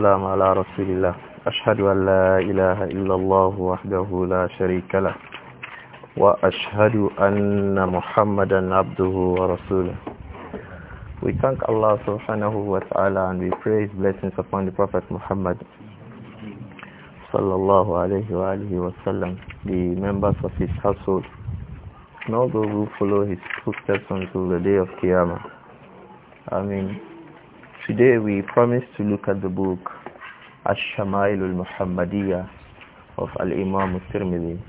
والسلام على رسول الله أشهد أن لا إله إلا الله وحده لا شريك له وأشهد أن محمدا عبده ورسوله We thank Allah subhanahu wa ta'ala and we praise blessings upon the Prophet Muhammad sallallahu alayhi wa alihi sallam the members of his household, and all those who follow his footsteps until the day of Qiyamah. I mean, Today we promise to look at the book Ash-Shama'il al-Muhammadiyya of Al-Imam al-Tirmidhi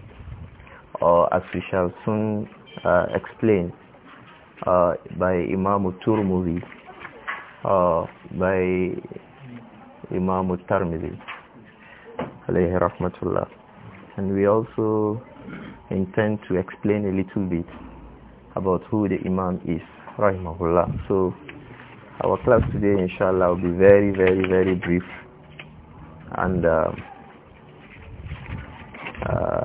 or as we shall soon uh, explain uh, by Imam al or uh, by Imam al-Tirmidhi alayhi rahmatullah and we also intend to explain a little bit about who the Imam is rahimahullah so our class today, inshallah, will be very, very, very brief. And uh, uh,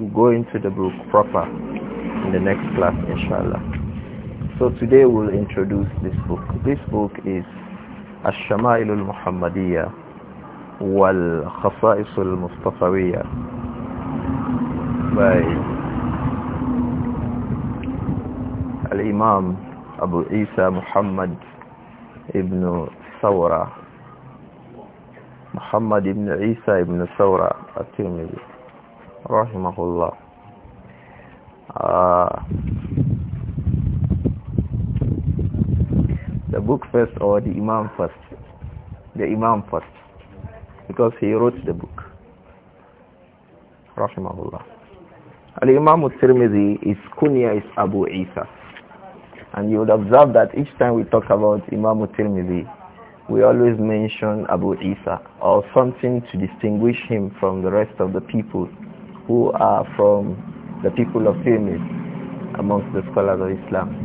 we'll go into the book proper in the next class, inshallah. So today we'll introduce this book. This book is الشمائل المحمدية والخصائص المصطفوية by الإمام أبو عيسى محمد ابن ثورة محمد ابن عيسى ابن ثورة الترمذي رحمه الله the book first or the Imam first the Imam first because he wrote the book Al-Imam al-Tirmidhi, is kunya is Abu Isa And you would observe that each time we talk about Imam Tirmidhi, we always mention Abu Isa or something to distinguish him from the rest of the people who are from the people of Tirmidh amongst the scholars of Islam.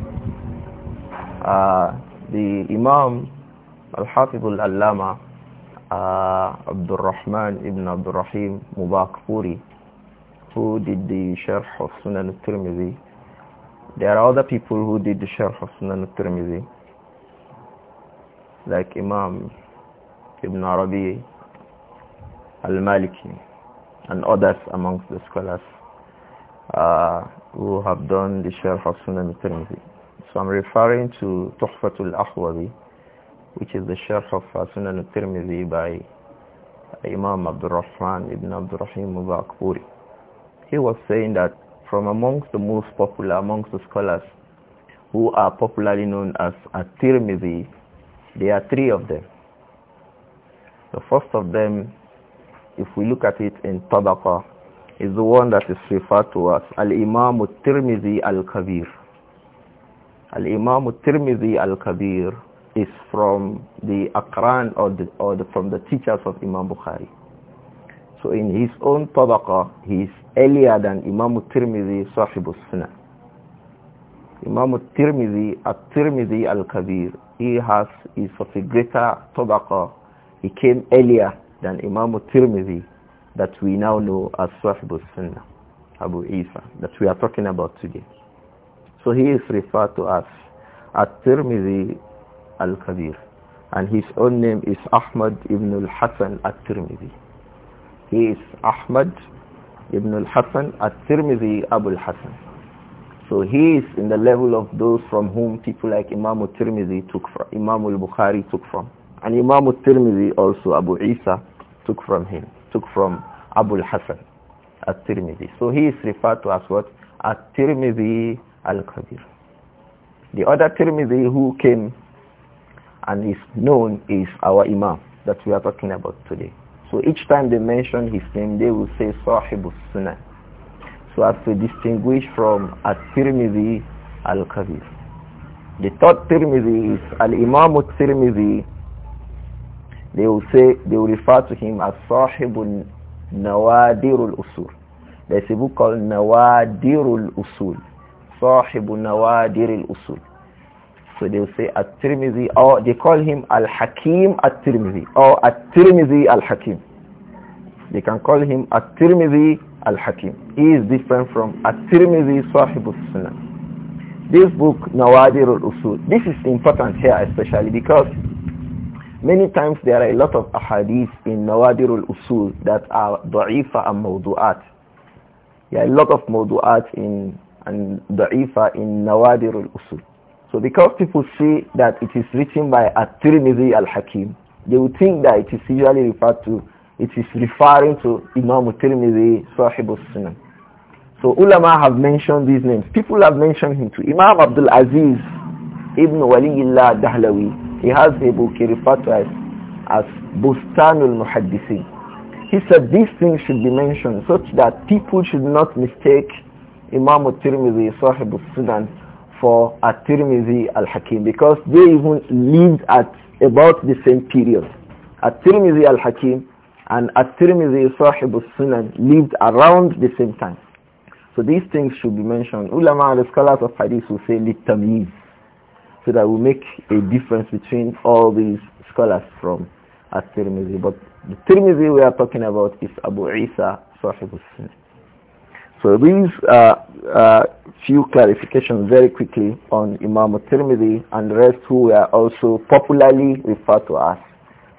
Uh, the Imam Al-Hatib Al-Allama uh, Abdul Rahman ibn Abdul Rahim Mubarak Puri who did the Sharh of Sunan Al-Tirmidhi there are other people who did the Sharh of Sunan al-Tirmidhi, like Imam Ibn Arabi al-Maliki and others amongst the scholars uh, who have done the Sharh of Sunan al-Tirmidhi. So I'm referring to Tuhfatul Ahwazi, which is the Sharh of uh, Sunan al-Tirmidhi by Imam Abdul Rahman ibn Abdul Rahim Mubarakpuri. He was saying that from amongst the most popular amongst the scholars who are popularly known as At-Tirmidhi, there are three of them. The first of them, if we look at it in Tabaqa, is the one that is referred to as Al-Imam At-Tirmidhi Al-Kabir. Al-Imam At-Tirmidhi Al-Kabir is from the Akran or, the, or the, from the teachers of Imam Bukhari. So in his own tabaqa, he is earlier than Imam al-Tirmidhi Sahib sunnah Imam tirmidhi al-Tirmidhi al-Kabir, he has, is of a greater tabaqa. He came earlier than Imam al-Tirmidhi that we now know as Sahib al-Sunnah, Abu Isa, that we are talking about today. So he is referred to as al-Tirmidhi al-Kabir. And his own name is Ahmad ibn al-Hasan al-Tirmidhi. He is Ahmad ibn al-Hasan at-Tirmidhi Abu al-Hasan. So he is in the level of those from whom people like Imam al-Tirmidhi took from, Imam al-Bukhari took from. And Imam al-Tirmidhi also, Abu Isa, took from him, took from Abu al-Hasan at-Tirmidhi. So he is referred to as what? At-Tirmidhi al-Kabir. The other Tirmidhi who came and is known is our Imam that we are talking about today. So each time they mention his name, they will say Sahibus Sunan. So as to distinguish from At-Tirmidhi Al-Kabir. The third Tirmidhi is Al-Imam al tirmidhi They will say, they will refer to him as Sahibun al Usul. There's a book called al Usul. Sahibun al Usul. So they will say At-Tirmidhi or they call him Al-Hakim At-Tirmidhi or At-Tirmidhi Al-Hakim. They can call him At-Tirmidhi Al-Hakim. He is different from At-Tirmidhi Sahib Sunnah. This book, Nawadir al-Usul, this is important here especially because many times there are a lot of ahadith in Nawadir al-Usul that are da'ifa and mawdu'at. There are a lot of mawdu'at in and da'ifa in Nawadir al-Usul. So because people see that it is written by At-Tirmidhi al-Hakim, they would think that it is usually referred to, it is referring to Imam At-Tirmidhi, Sahib al-Sunan. So ulama have mentioned these names. People have mentioned him too. Imam Abdul Aziz Ibn Waliyullah Dahlawi, he has a book he referred to as, as Bustanul Muhaddisin. He said these things should be mentioned such that people should not mistake Imam At-Tirmidhi, Sahib al-Sunan, for At-Tirmidhi al-Hakim because they even lived at about the same period. At-Tirmidhi al-Hakim and At-Tirmidhi Sahib al-Sunan lived around the same time. So these things should be mentioned. Ulama, the scholars of hadith will say litamiz so that we make a difference between all these scholars from At-Tirmidhi. But the Tirmidhi we are talking about is Abu Isa Sahib al-Sunan. So these are uh, a uh, few clarifications very quickly on Imam al-Tirmidhi and the rest who are also popularly referred to as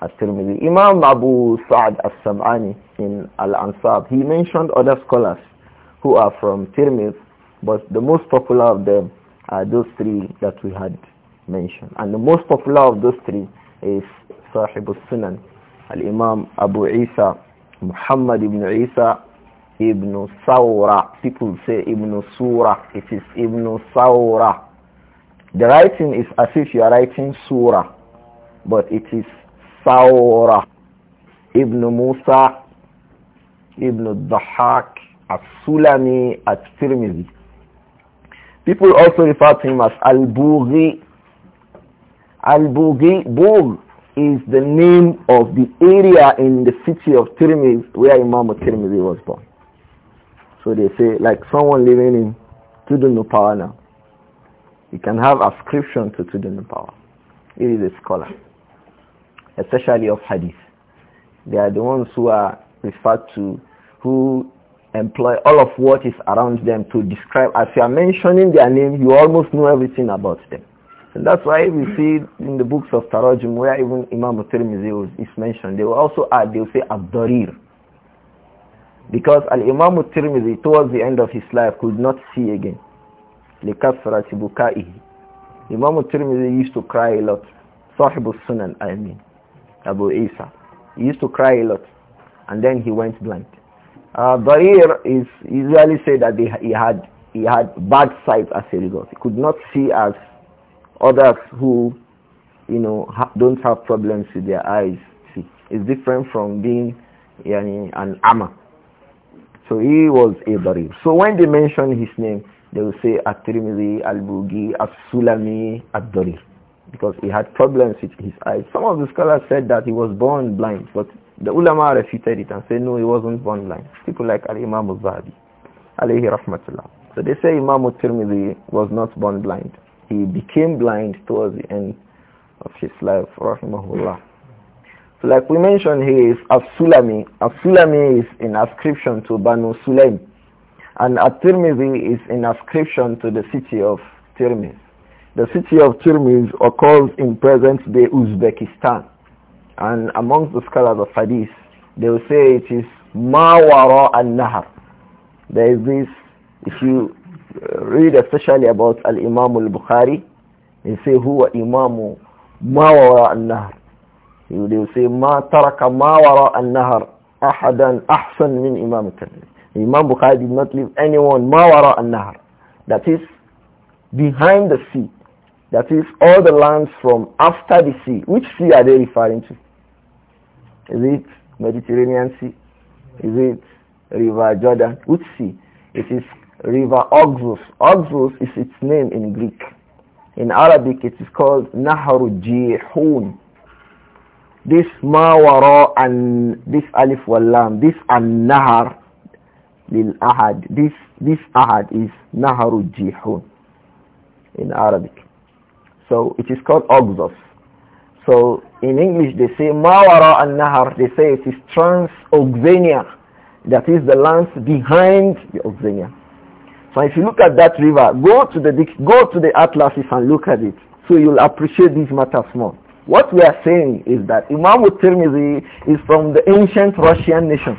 al-Tirmidhi. Imam Abu Sa'd al-Sam'ani in Al-Ansab, he mentioned other scholars who are from Tirmidh, but the most popular of them are those three that we had mentioned. And the most popular of those three is Sahib al-Sunan, al-Imam Abu Isa, Muhammad ibn Isa Ibn Sawra. People say Ibn Surah. It is Ibn Sawra. The writing is as if you are writing Surah, but it is Sawra. Ibn Musa, Ibn Dahak, As-Sulami, At-Tirmidhi. People also refer to him as Al-Bughi. Al-Bughi, Bugh is the name of the area in the city of Tirmidhi where Imam Tirmidhi was born. So they say, like someone living in Tudunupawa now, you can have ascription to Tudunupawa. He is a scholar, especially of hadith. They are the ones who are referred to, who employ all of what is around them to describe. As you are mentioning their name, you almost know everything about them. And that's why we see in the books of Tarajim where even Imam Tirmidhi is mentioned, they will also add, they will say Abdarir. Because Al-Imam al-Tirmidhi towards the end of his life could not see again. لِكَثْرَةِ بُكَائِهِ Imam al-Tirmidhi used to cry a lot. Sahib al-Sunan, I mean. Abu Isa. He used to cry a lot. And then he went blind. Uh, Barir is usually said that he had he had bad sight as a result. He could not see as others who, you know, ha don't have problems with their eyes see. It's different from being yani, an ama. So he was a So when they mention his name, they will say At-Tirmidhi, al bughi As-Sulami, Ad-Darif. Because he had problems with his eyes. Some of the scholars said that he was born blind, but the ulama refuted it and said no, he wasn't born blind. People like Al-Imam al-Zahabi, alayhi rahmatullah. So they say Imam al-Tirmidhi was not born blind. He became blind towards the end of his life, rahimahullah like we mentioned, heres is As-Sulami. As-Sulami is an ascription to Banu Sulaim. And at is an ascription to the city of Tirmiz. The city of Tirmiz occurs in present-day Uzbekistan. And amongst the scholars of Hadith, they will say it is Mawara al-Nahar. There is this, if you uh, read especially about Al-Imam al-Bukhari, they say, Huwa Imamu Mawara al-Nahar. They will say, taraka ma wara an-nahar ahadan ahsan min Imam Tirmidhi. Imam Bukhari did not leave anyone ma wara an-nahar that That is behind the sea. That is all the lands from after the sea. Which sea are they referring to? Is it Mediterranean Sea? Is it River Jordan? Which sea? It is River Oxus. Oxus is its name in Greek. In Arabic it is called Nahru Jihun this ma wara and this alif wal lam this an nahar lil ahad this this ahad is naharu jihun in arabic so it is called oxus so in english they say ma wara an nahar they say it is transoxania that is the lands behind the oxania so if you look at that river go to the go to the atlases and look at it so you'll appreciate these matters more what we are saying is that Imam al is from the ancient Russian nation.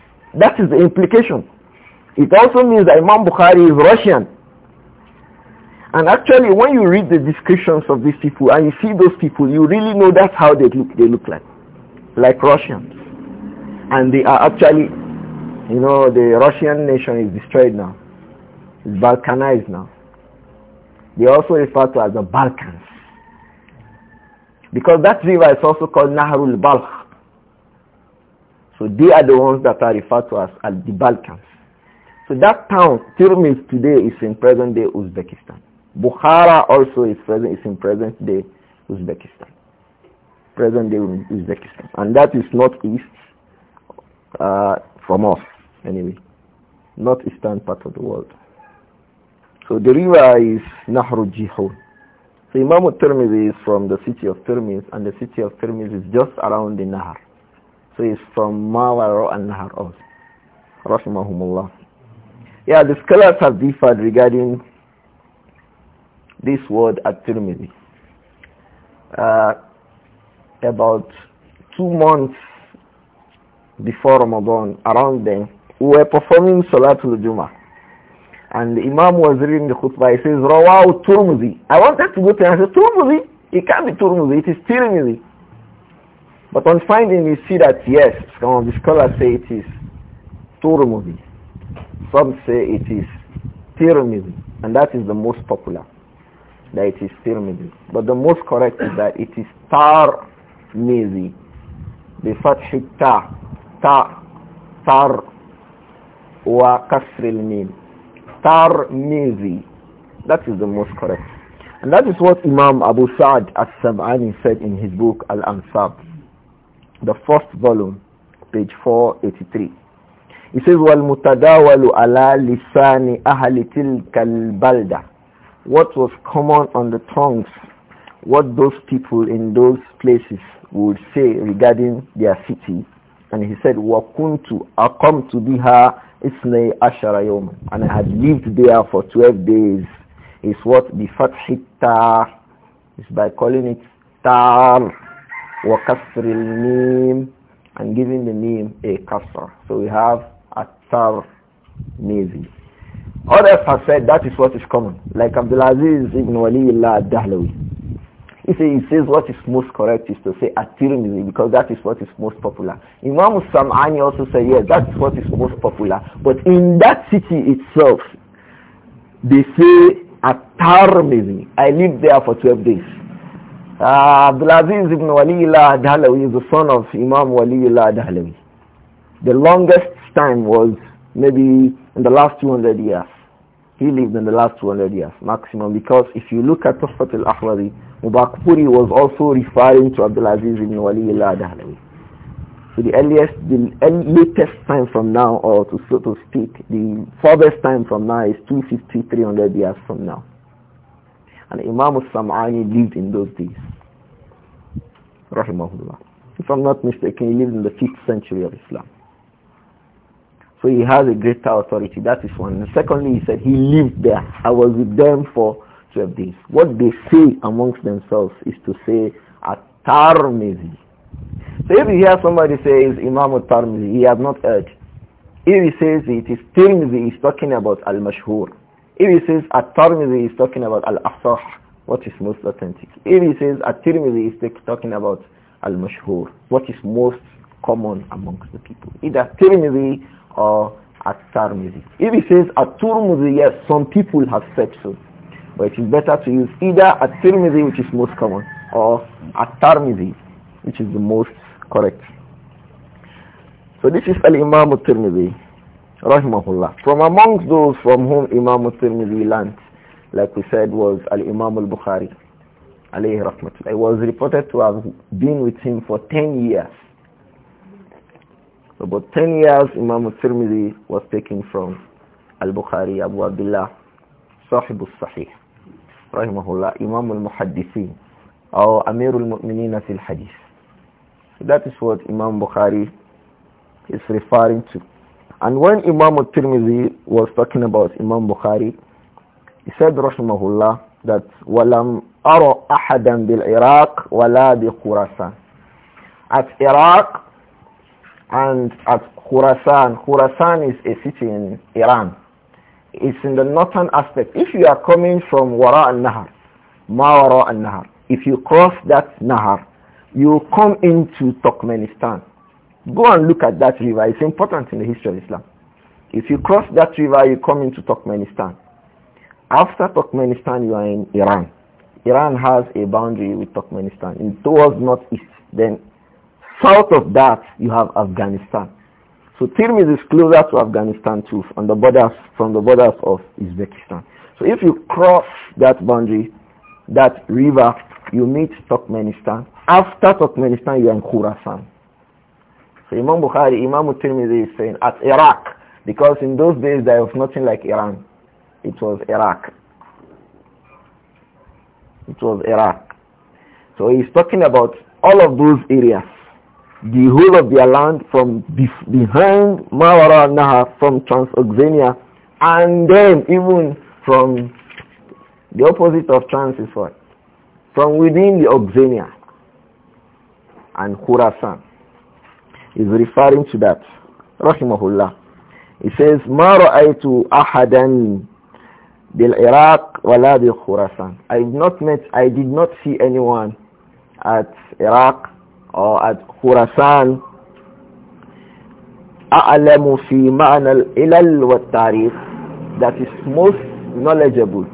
that is the implication. It also means that Imam Bukhari is Russian. And actually, when you read the descriptions of these people and you see those people, you really know that's how they look. They look like, like Russians, and they are actually, you know, the Russian nation is destroyed now. It's Balkanized now. They also refer to as the Balkans. Because that river is also called Naharul Balkh. So they are the ones that are referred to as, the Balkans. So that town, Tirmiz today is in present-day Uzbekistan. Bukhara also is present is in present-day Uzbekistan. Present-day Uzbekistan. And that is not uh, from us, anyway. Northeastern part of the world. So the river is Nahru Jihon. Imam Imam Tirmidhi is from the city of Tirmidh and the city of Tirmidh is just around the Nahar. So he's from Mawara and Nahar also. Rahimahumullah. Yeah, the scholars have differed regarding this word at Tirmidhi. Uh, about two months before Ramadan, around then, we were performing Salatul Jummah. And the Imam was reading the khutbah. He says, Rawaw Turmuzi. I wanted to go to him. I said, Turmuzi? It can't be Turmuzi. It is Tirmidhi. But on finding, we see that yes, some of the scholars say it is Turmudi. Some say it is Tirmidhi. And that is the most popular, that it is Tirmidhi. But the most correct is that it is The Fathi Ta. Ta. Tar. Wa Kasril min. Tarmizi. That is the most correct. And that is what Imam Abu Sa'd as-Sam'ani said in his book Al-Ansab, the first volume, page 483. He says, وَالْمُتَدَاوَلُ عَلَى لِسَانِ أَهَلِ تِلْكَ الْبَلْدَةِ What was common on the tongues, what those people in those places would say regarding their city. And he said, وَكُنْتُ أَقَمْتُ بِهَا Isnay Ashara Yom, and I had lived there for 12 days, It's what the Fathi Tar, is by calling it Tar, wa name, and giving the name a Kasra. So we have a Tar nazi. Others have said that is what is common, like Abdulaziz ibn Waliullah Dahlawi. He says, he says what is most correct is to say at because that is what is most popular. Imam Sam'ani also said, yes, yeah, that is what is most popular. But in that city itself, they say at I lived there for 12 days. Uh, Abdulaziz ibn Waliyullah Adhalawi is the son of Imam Waliyullah Adhalawi. The longest time was maybe in the last 200 years. He lived in the last 200 years maximum because if you look at Tufat al-Ahwari, Mubakpuri was also referring to Abdulaziz ibn Wali al-Adahlawi. So the earliest, the latest time from now, or to so to speak, the furthest time from now is 250, 300 years from now. And Imam al-Sam'ani lived in those days. Rahimahullah. If I'm not mistaken, he lived in the 5th century of Islam. So he has a greater authority. That is one. And secondly, he said, he lived there. I was with them for 12 days. What they say amongst themselves is to say, At-Tarmizi. So if you hear somebody says Imam At-Tarmizi, he has not heard. If he says it is Tirmizi, he's talking about Al-Mashhur. If he says At-Tarmizi, he's talking about Al-Afsah, what is most authentic. If he says At-Tirmizi, he's talking about Al-Mashhur, what is most common amongst the people. Either Tirmizi or Atar music. If he says Atur music, yes, some people have said so. But it is better to use either at music, which is most common, or Atar music, which is the most correct. So this is Al-Imam At-Tirmidhi, rahimahullah. From amongst those from whom Imam At-Tirmidhi learned, like we said, was Al-Imam Al-Bukhari, alayhi rahmatullah. It was reported to have been with him for 10 years. So about 10 years Imam al-Tirmidhi was taken from al-Bukhari, Abu Abdullah, Sahib al-Sahih, Rahimahullah, Imam al-Muhaddithin, or Amir al-Mu'minin fil Hadith. So that is what Imam Bukhari is referring to. And when Imam al-Tirmidhi was talking about Imam Bukhari, he said, Rahimahullah, that وَلَمْ أَرَ أَحَدًا بِالْعِرَاقِ وَلَا بِخُرَسَانِ At Iraq, and at Khurasan. Khurasan is a city in Iran. It's in the northern aspect. If you are coming from Wara al-Nahar, Mawara al-Nahar, if you cross that Nahar, you come into Turkmenistan. Go and look at that river. It's important in the history of Islam. If you cross that river, you come into Turkmenistan. After Turkmenistan, you are in Iran. Iran has a boundary with Turkmenistan in towards northeast. Then South of that, you have Afghanistan. So Tirmiz is closer to Afghanistan too, on the borders, from the borders of Uzbekistan. So if you cross that boundary, that river, you meet Turkmenistan. After Turkmenistan, you are in Khorasan. So Imam Bukhari, Imam Tirmidhi is saying at Iraq, because in those days there was nothing like Iran. It was Iraq. It was Iraq. So he's talking about all of those areas the whole of their land from behind Mawara Nahar from Transoxania and then even from the opposite of Trans is what? From within the Oxania and Khurasan is referring to that. Rahimahullah. he says, ما ahadan bil Iraq ولا بخراسان. I did not met, I did not see anyone at Iraq or at Khurasan أعلم في معنى الْإِلَلْ والتاريخ that is most knowledgeable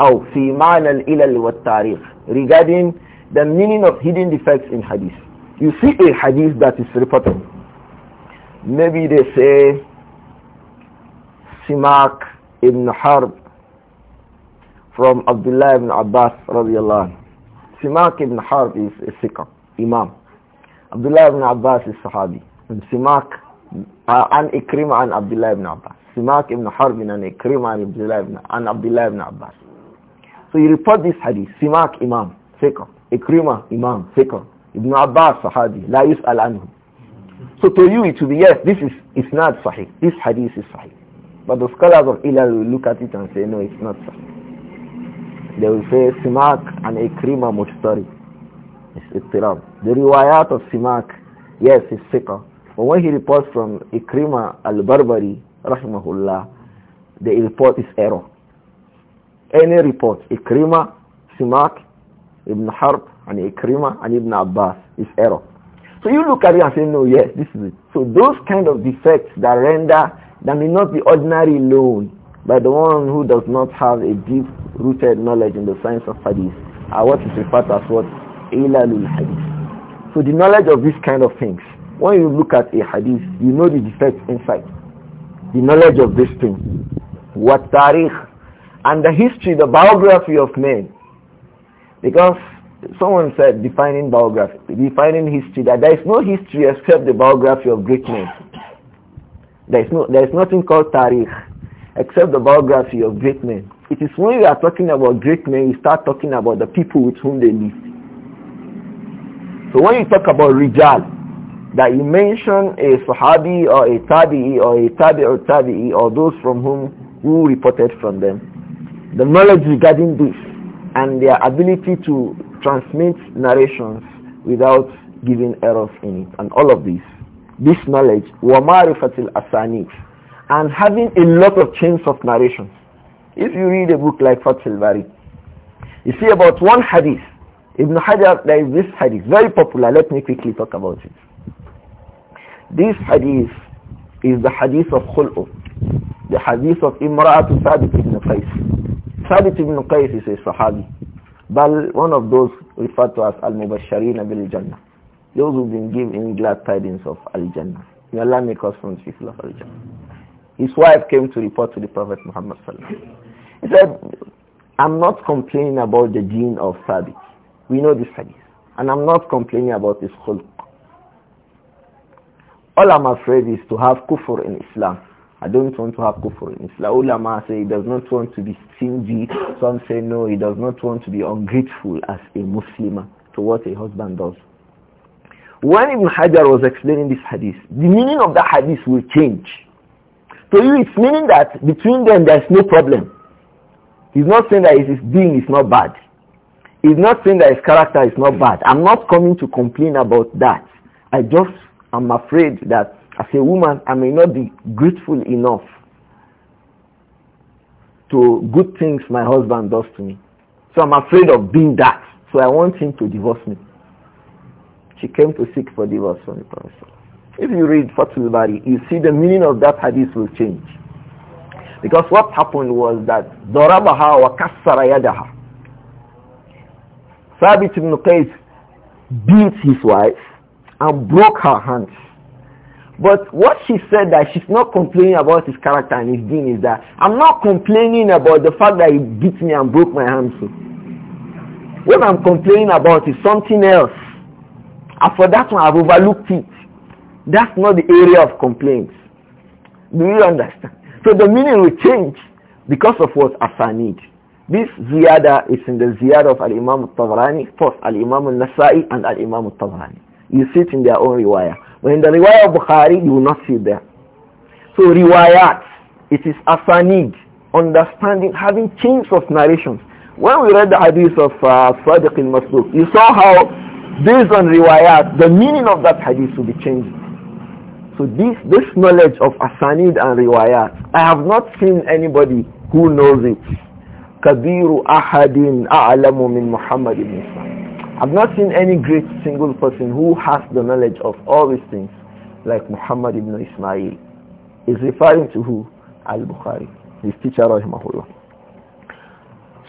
أو في معنى الإلل والتاريخ regarding the meaning of hidden defects in hadith you see a hadith that is reported maybe they say Simak ibn Harb from Abdullah ibn Abbas الله عنه Simak ibn Harb is a sikh imam Abdullah ibn Abbas is Sahabi. And Simak uh, and Ikrimah and Abdullah ibn Abbas. Simak ibn Harb and Ikrimah and Abdullah ibn, and Abdullah ibn Abbas. So you report this hadith. Simak Imam, Fiqh. Ikrimah Imam, Fiqh. Ibn Abbas Sahabi. La yus'al anhu. So to you it will be yes, this is it's not sahih. This hadith is sahih. But the scholars of Ilal will look at it and say no, it's not sahih. They will say Simak and Ikrimah Mujtari. It's ittirab. The riwayat of Simak, yes, is siqah. But when he reports from Ikrima al-Barbari, rahimahullah, the report is error. Any report, Ikrima, Simak, Ibn Harb, and Ikrima, and Ibn Abbas, is error. So you look at it and say, no, yes, this is it. So those kind of defects that render, that may not be ordinary loan by the one who does not have a deep-rooted knowledge in the science of hadith, are what is referred to as what so the knowledge of these kind of things, when you look at a hadith, you know the defects inside. The knowledge of this thing. What tariq. And the history, the biography of men. Because someone said defining biography, defining history, that there is no history except the biography of great men. There is, no, there is nothing called tariq except the biography of great men. It is when you are talking about great men, you start talking about the people with whom they lived. So when you talk about Rijal, that you mention a Sahabi or a Tabi'i or a Tabi or Tabi'i or those from whom who reported from them, the knowledge regarding this and their ability to transmit narrations without giving errors in it and all of this, this knowledge, وَمَعْرِفَةِ الْأَسَانِيكِ and having a lot of chains of narrations. If you read a book like Fathul Bari, you see about one hadith Ibn Hajar, there is this hadith, very popular. Let me quickly talk about it. This hadith is the hadith of Khul'u, the hadith of Imra'atu Thabit ibn Qais. Thabit ibn Qais is a Sahabi, but one of those referred to as Al-Mubashareen al jannah Those who've been given glad tidings of Al-Jannah. May Allah make us from the people of Al-Jannah. His wife came to report to the Prophet Muhammad Sallallahu He said, I'm not complaining about the deen of Thabit. We know this hadith. And I'm not complaining about this khulq. All I'm afraid is to have kufr in Islam. I don't want to have kufr in Islam. Ulama say he does not want to be stingy. Some say no, he does not want to be ungrateful as a Muslim to what a husband does. When Ibn Hajar was explaining this hadith, the meaning of the hadith will change. To you, it's meaning that between them there is no problem. He's not saying that his being is not bad. It's not saying that his character is not bad. I'm not coming to complain about that. I just am afraid that as a woman, I may not be grateful enough to good things my husband does to me. So I'm afraid of being that. So I want him to divorce me. She came to seek for divorce from the Prophet. If you read Fatul Bari, you see the meaning of that hadith will change. Because what happened was that Dorabaha wa kasra yadaha. Thabit ibn Qais beat his wife and broke her hands. But what she said that she's not complaining about his character and his deen is that I'm not complaining about the fact that he beat me and broke my hands. What I'm complaining about is something else. And for that one, I've overlooked it. That's not the area of complaints. Do you understand? So the meaning will change because of what Asa needs. This ziyada is in the ziyada of Al-Imam al-Tabrani, first Al-Imam al-Nasai and Al-Imam al-Tabrani. You see it in their own riwayah. When in the riwayah of Bukhari, you will not see it there. So riwayat, it is asanid, understanding, having chains of narrations. When we read the hadith of uh, Sadiq al you saw how based on riwayat, the meaning of that hadith will be changed. So this, this knowledge of asanid and riwayat, I have not seen anybody who knows it. I've not seen any great single person who has the knowledge of all these things like Muhammad ibn Ismail. Is referring to who? Al-Bukhari, his teacher rahimahullah.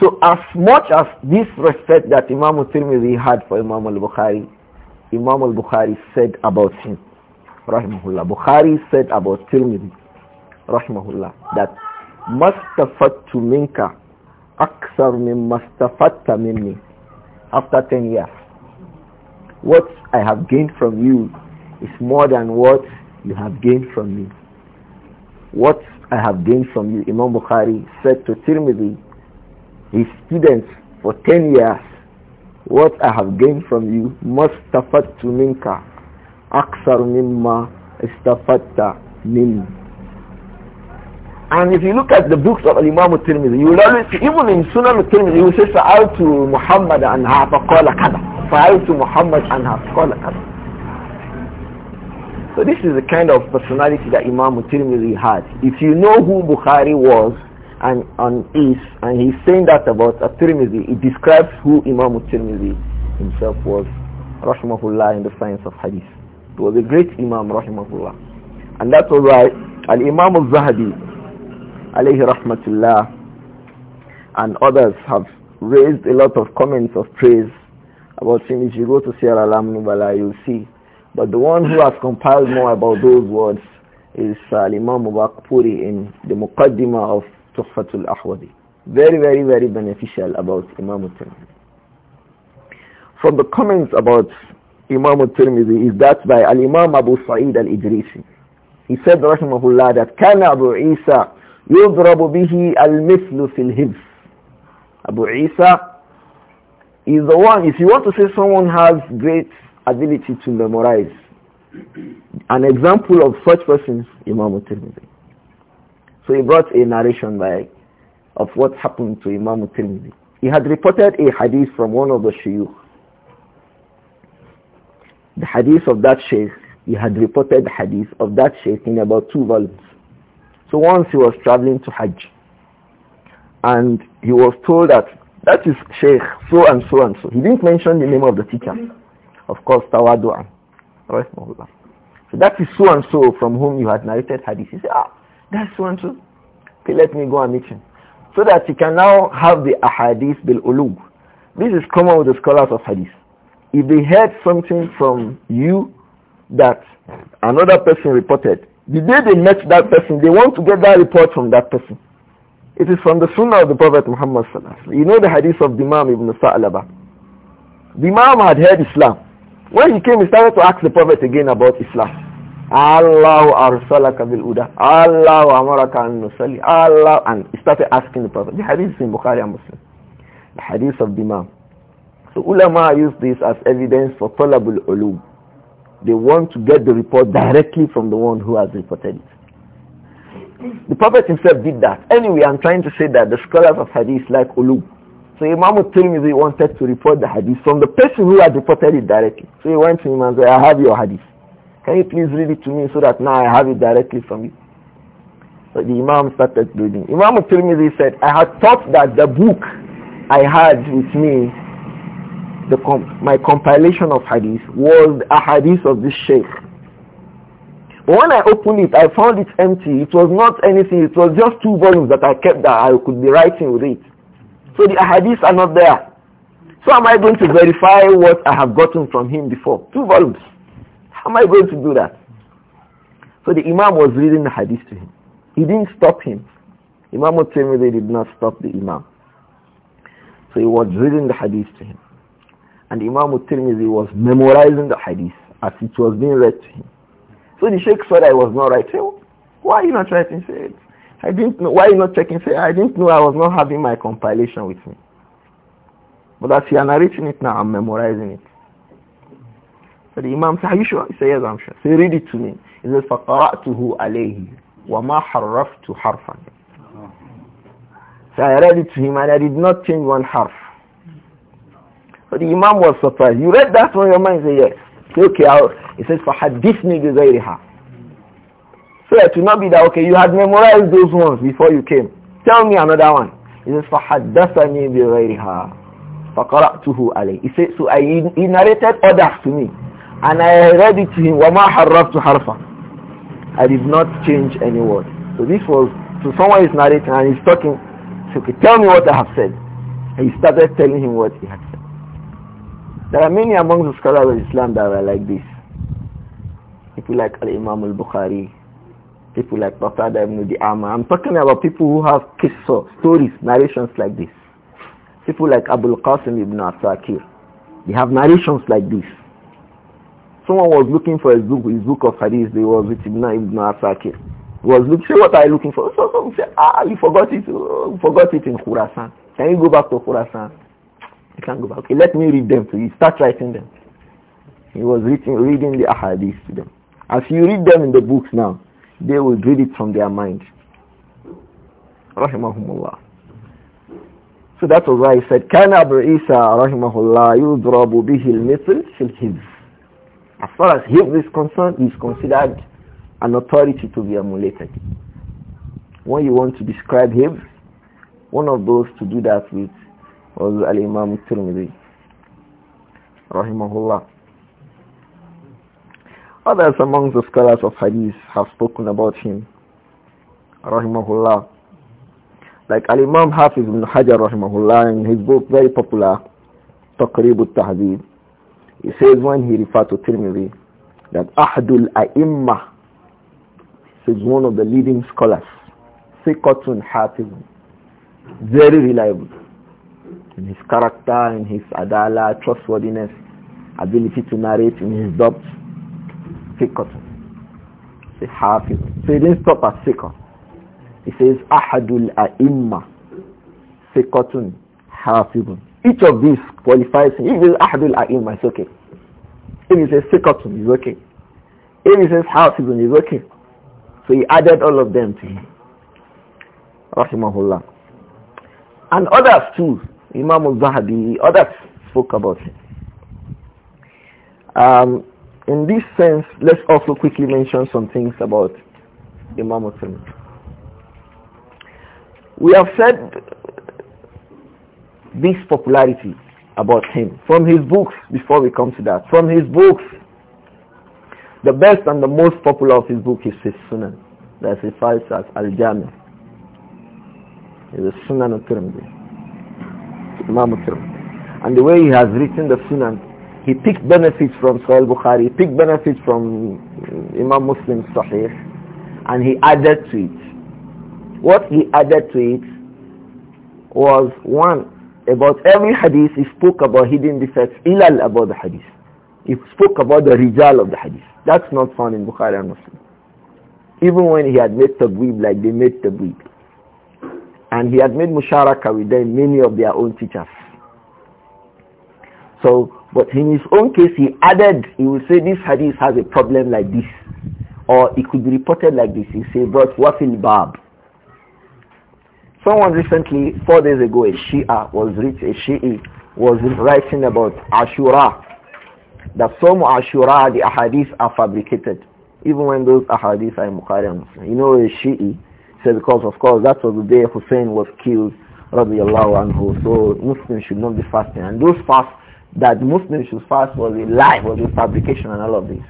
So as much as this respect that Imam al-Tirmidhi had for Imam al-Bukhari, Imam al-Bukhari said about him, rahimahullah. Bukhari said about Tirmidhi, rahimahullah, that مَسْتَفَدْتُ مِنْكَ Aksar مما استفدت after 10 years. What I have gained from you is more than what you have gained from me. What I have gained from you, Imam Bukhari said to Tirmidhi, his students for 10 years, what I have gained from you, مستفدت منك أكثر مما استفدت minni. And if you look at the books of Imam al-Tirmidhi, you will always see, even in Sunan al-Tirmidhi, you will say, سَأَلْتُ مُحَمَّدَ عَنْهَا فَقَالَ كَذَا سَأَلْتُ مُحَمَّدَ عَنْهَا فَقَالَ كَذَا so this is the kind of personality that Imam Tirmidhi had. If you know who Bukhari was and, and is, and he's saying that about Tirmidhi, it describes who Imam Tirmidhi himself was, rahimahullah, in the science of hadith. He was a great Imam, rahimahullah. And that's why Al-Imam al-Zahabi, alayhi rahmatullah, and others have raised a lot of comments of praise about him. If you go to Sierra Alam Nubala, you'll see. But the one who has compiled more about those words is uh, Imam Mubarak Puri in the Muqaddimah of Tuhfatul Ahwadi. Very, very, very beneficial about Imam al From the comments about Imam al-Tirmidhi is that by Al-Imam Abu Sa'id al-Idrisi. He said, Rahimahullah, that كان أبو عيسى يضرب به المثل في الهبس Abu Isa is the one, if you want to say someone has great ability to memorize, an example of such persons, Imam al-Tirmidhi. So he brought a narration by, of what happened to Imam al-Tirmidhi. He had reported a hadith from one of the Shaykh. The hadith of that sheikh, he had reported hadith of that sheikh in about two volumes. So once he was traveling to Hajj, and he was told that that is Sheikh so and so and so. He didn't mention the name of the teacher. Of course, Tawadu'an. So that is so and so from whom you had narrated hadith. He said, ah, that's so and so. Okay, let me go and meet him. So that he can now have the ahadith bil ulug. This is common with the scholars of hadith. If they heard something from you that another person reported, the day they met that person, they want to get that report from that person. It is from the Sunnah of the Prophet Muhammad Sallallahu You know the hadith of the Imam Ibn Saalaba. The Imam had heard Islam. When he came, he started to ask the Prophet again about Islam. Allah arsalaka bil uda. Allahu amaraka an nusalli. Allah. And he started asking the Prophet. The hadith in Bukhari and Muslim. The hadith of the Imam. So ulama used this as evidence for tolerable ulum they want to get the report directly from the one who has reported it. The Prophet himself did that. Anyway, I'm trying to say that the scholars of hadith like Ulu. So Imam al-Tirmidhi wanted to report the hadith from the person who had reported it directly. So he went to him and said, I have your hadith. Can you please read it to me so that now I have it directly from you? So the Imam started reading. Imam al-Tirmidhi said, I had thought that the book I had with me the my compilation of hadith was a hadith of this sheikh. When I opened it, I found it empty. It was not anything. It was just two volumes that I kept that I could be writing with it. So the hadiths are not there. So am I going to verify what I have gotten from him before? Two volumes. How am I going to do that? So the Imam was reading the hadith to him. He didn't stop him. Imam al-Tirmidhi did not stop the Imam. So he was reading the hadith to him. And Imam me he was memorizing the hadith as it was being read to him. So the sheikh said I was not writing. why are you not writing? Say, I didn't know. Why are you not checking? Say, I didn't know I was not having my compilation with me. But as you are narrating it now, I'm memorizing it. So the Imam said, are you sure? He said, yes, I'm sure. So read it to me. He says, فَقَرَأْتُهُ عَلَيْهِ وَمَا حَرَّفْتُ حَرْفًا So I read it to him and I did not change one harf the Imam was surprised. You read that from your mind say yes. Okay, I'll, it says, فَحَدِّثْنِي بِغَيْرِهَا So it will not be that, okay, you had memorized those ones before you came. Tell me another one. He says, فَحَدَّثَنِي بِغَيْرِهَا فَقَرَأْتُهُ عَلَيْهِ He said so I, he narrated others to me. And I read it to him, وَمَا حَرَّفْتُ حَرْفًا I did not change any word. So this was, so someone is narrating and he's talking, so, okay, tell me what I have said. And he started telling him what he had there are many among the scholars of Islam that are like this. People like Al Imam al Bukhari, people like Qatada ibn Di'ama. I'm talking about people who have kisso stories, narrations like this. People like Abu Qasim ibn Asakir. They have narrations like this. Someone was looking for his book, his book of hadith. They was with Ibn Ibn Asakir. He was looking, say, what are you looking for? So, so, say, ah, you forgot it. Oh, you forgot it in Khurasan. Can you go back to Khurasan? You can't go back. Okay, let me read them to you. Start writing them. He was reading, reading the ahadith to them. As you read them in the books now, they will read it from their mind. Rahimahumullah. So that's why he said, "Can أبو عيسى رحمه الله يضرب به المثل As far as him is concerned, he is considered an authority to be emulated. When you want to describe him, one of those to do that with was Al-Imam Tirmidhi rahimahullah others among the scholars of hadith have spoken about him rahimahullah like al-imam hafiz ibn hajar rahimahullah in his book very popular taqrib al he says when he referred to tirmidhi that ahdul a'imma is one of the leading scholars thiqatun hafiz very reliable in his character, in his adala, trustworthiness, ability to narrate, in his doubt, fiqatun. Say hafiz. So he didn't stop at fiqat. He says ahadul a'imma, fiqatun, hafizun. Each of these qualifies him. If it's ahadul a'imma, it's okay. If he says fiqatun, it's okay. If he says hafizun, it's okay. So he added all of them to him. Rahimahullah. And others too, Imam al-Zahabi, others spoke about it. Um, in this sense, let's also quickly mention some things about Imam al We have said this popularity about him from his books before we come to that from his books the best and the most popular of his book is his sunan that's referred as al-jami the sunan al-tirmidhi Imam Muslim. And the way he has written the Sunan, he picked benefits from Sahih Bukhari, he picked benefits from Imam Muslim Sahih, and he added to it. What he added to it was one, about every hadith he spoke about hidden defects, ilal about the hadith. He spoke about the rijal of the hadith. That's not found in Bukhari and Muslim. Even when he had made tabweeb like they made tabweeb. And he had made musharaka with them, many of their own teachers. So, but in his own case, he added, he would say this hadith has a problem like this. Or it could be reported like this. He say, but what is the bab. Someone recently, four days ago, a Shia was rich, a Shi'i was writing about Ashura. That some Ashura, the ahadith are fabricated. Even when those ahadith are Muqarrans. You know, a Shi'i, because of course that was the day Hussein was killed, radiallahu anhu. So Muslims should not be fasting. And those fasts that Muslims should fast was a lie, was a fabrication and all of this.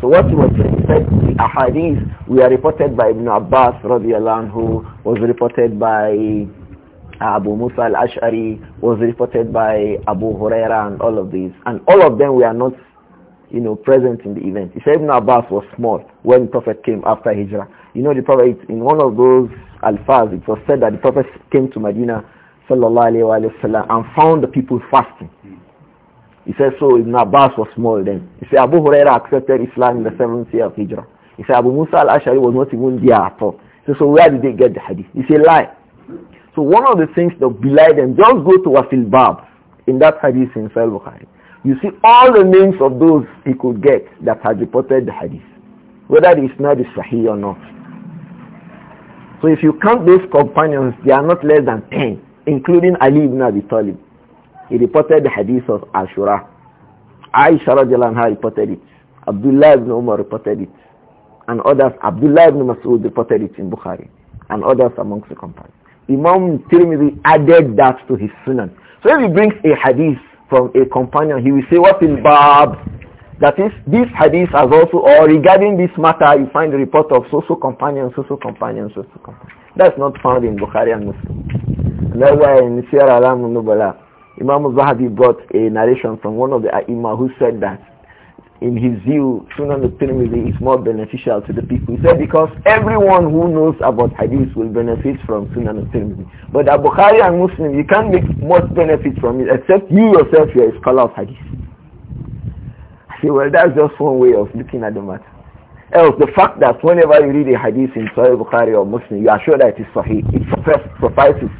So what he was saying, he said the ahadith are reported by Ibn Abbas radiallahu anhu, was reported by Abu Musa al-Ash'ari, was reported by Abu Huraira and all of these. And all of them were not, you know, present in the event. He said Ibn Abbas was small when the Prophet came after Hijrah. You know the Prophet, in one of those alfaz, it was said that the Prophet came to Medina sallallahu and found the people fasting. He said, so Ibn Abbas was small then. He said, Abu Huraira accepted Islam in the seventh year of Hijrah. He said, Abu Musa al-Ashari was not even there at all. He said, so where did they get the hadith? He said, lie. So one of the things that belied them, just go to Wasil Bab in that hadith in Sahih Bukhari. You see all the names of those he could get that had reported the hadith, whether it is not the Sahih or not. So if you count these companions, they are not less than 10, including Ali ibn Abi Talib. He reported the hadith of Ashura. Aisha radiallahu reported it. Abdullah ibn Umar reported it. And others, Abdullah ibn Mas'ud reported it in Bukhari. And others amongst the companions. Imam Tirmidhi added that to his sunan. So if he brings a hadith from a companion, he will say, what in Bab? That is, this hadith has also, or regarding this matter, you find the report of so-so companion, so-so companion, so-so companion. That's not found in Bukhari and Muslim. And that's why in Sir Alam Nubala, Imam Zahabi brought a narration from one of the Aima who said that in his view, Sunan al-Tirmidhi is more beneficial to the people. He said because everyone who knows about hadith will benefit from Sunan al-Tirmidhi. But Abu Bukhari and Muslim, you can't make much benefit from it except you yourself, you are a scholar of hadith say, well, that's just one way of looking at the matter. Else, the fact that whenever you read a hadith in Sahih Bukhari or Muslim, you are sure that it is Sahih. It suffices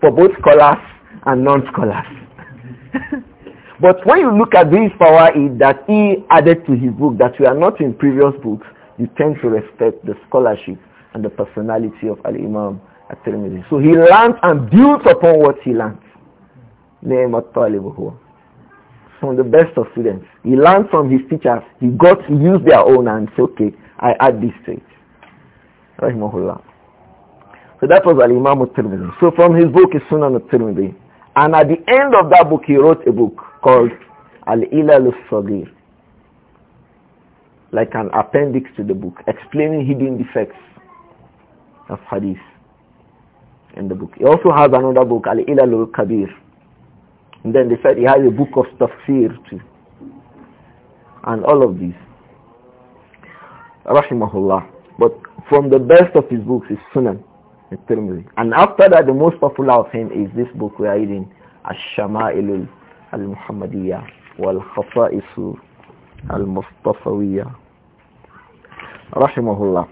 for both scholars and non-scholars. but when you look at this power that he added to his book that are not in previous books, you tend to respect the scholarship and the personality of Al-Imam at-Tirmidhi. So he learned and built upon what he learned. نعم الطالب from the best of students. He learned from his teachers. He got to use their own and say, okay, I add this to it. Rahimahullah. So that was Al-Imam al-Tirmidhi. So from his book is Sunan al-Tirmidhi. And at the end of that book, he wrote a book called Al-Ilal al-Saghir. Like an appendix to the book, explaining hidden defects of hadith in the book. He also has another book, Al-Ilal al-Kabir. And then they said he has a book of tafsir too. And all of these. Rahimahullah. But from the best of his books is Sunan, And after that, the most popular of him is this book we are reading, Ash-Shama'il al-Muhammadiyya wal-Khasa'is al-Mustafawiyya. Rahimahullah.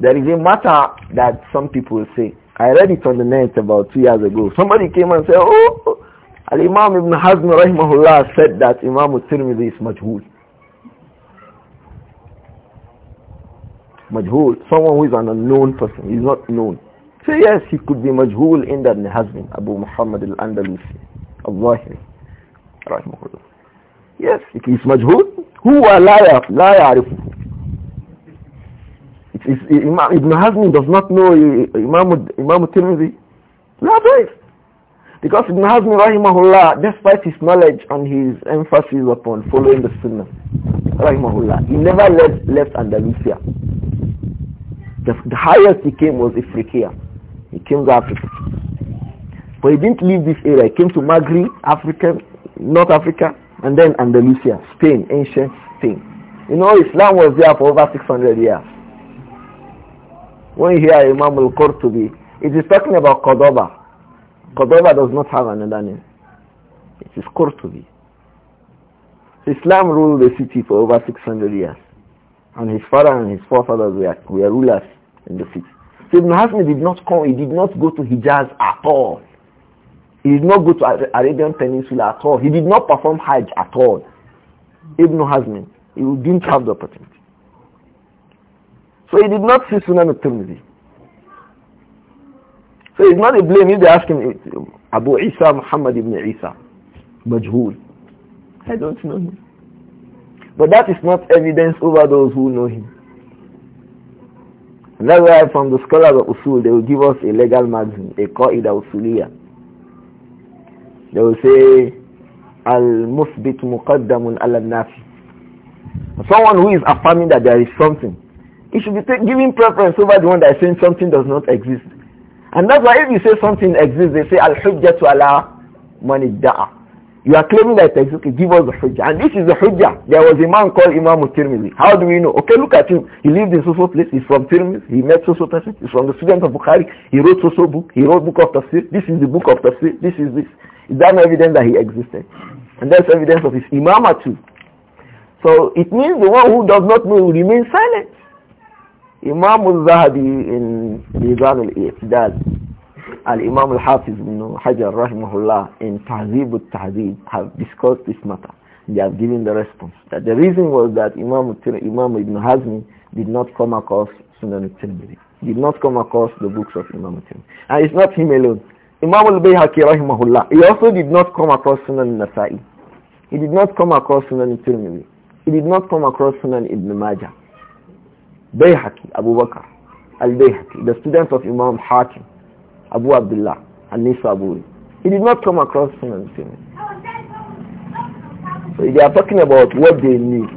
There is a matter that some people say. I read it on the net about two years ago. Somebody came and said, oh, oh Al-Imam Ibn Hazm rahimahullah said that Imam al-Tirmidhi is majhul. Majhul, someone who is an unknown person, he's not known. So yes, he could be majhul in that Hazm, Abu Muhammad al-Andalusi, al-Zahiri, rahimahullah. Yes, he is majhul. Who are liar? La ya'rifu. Imam Ibn Hazm does not know Imam, al-Tirmidhi. La because Ibn Hazm rahimahullah, despite his knowledge and his emphasis upon following the Sunnah, rahimahullah, he never left, left Andalusia. The, the highest he came was Africa. He came to Africa. But he didn't leave this area. He came to Maghreb, Africa, North Africa, and then Andalusia, Spain, ancient Spain. You know, Islam was there for over 600 years. When you hear Imam al-Qurtubi, it is talking about Cordoba. Cordoba does not have another name. It is Qurtubi. Islam ruled the city for over 600 years. And his father and his forefathers were, were rulers in the city. So Ibn Hasmi did not come, he did not go to Hijaz at all. He did not go to Arabian Peninsula at all. He did not perform Hajj at all. Ibn Hazm, he didn't have the opportunity. So he did not see Sunan al-Tirmidhi. So it's not a blame if they ask him, Abu Isa Muhammad ibn Isa, Majhul. I don't know him. But that is not evidence over those who know him. And that's why from the scholars of Usul, they will give us a legal margin, a qaida usuliyah. They will say, Al-Musbit Muqaddamun al-Nafi. Someone who is affirming that there is something, he should be given preference over the one that is saying something does not exist. And that's why if you say something exists, they say al-hujjah to Allah man You are claiming that it exists. Okay, give us the hujjah. And this is the hujjah. There was a man called Imam Tirmidhi. How do we know? Okay, look at him. He lived in so-so place. He's from Tirmidhi. He met so-so person. He's from the student of Bukhari. He wrote so-so book. He wrote book of tafsir. This is the book of tafsir. This is this. Is that no evidence that he existed? And that's evidence of his imama too. So it means the one who does not know will remain silent. Imam al-Zahabi in Mizan al-I'tidal, al-Imam al-Hafiz ibn Hajar rahimahullah in Tahzib al-Tahzib have discussed this matter. They have given the response. That the reason was that Imam, Imam ibn Hazmi did not come across Sunan al-Tirmidhi, did not come across the books of Imam al-Tirmidhi. And it's not him alone. Imam al-Bayhaqi rahimahullah, he also did not come across Sunan al-Nasa'i. He did not come across Sunan al-Tirmidhi. He did not come across Sunan ibn Majah. Bayhaqi, Abu Bakr al-Bayhaqi, the student of Imam Hakim, Abu Abdullah al-Nisaburi. He did not come across Sunan Tirmidhi. So they are talking about what they need.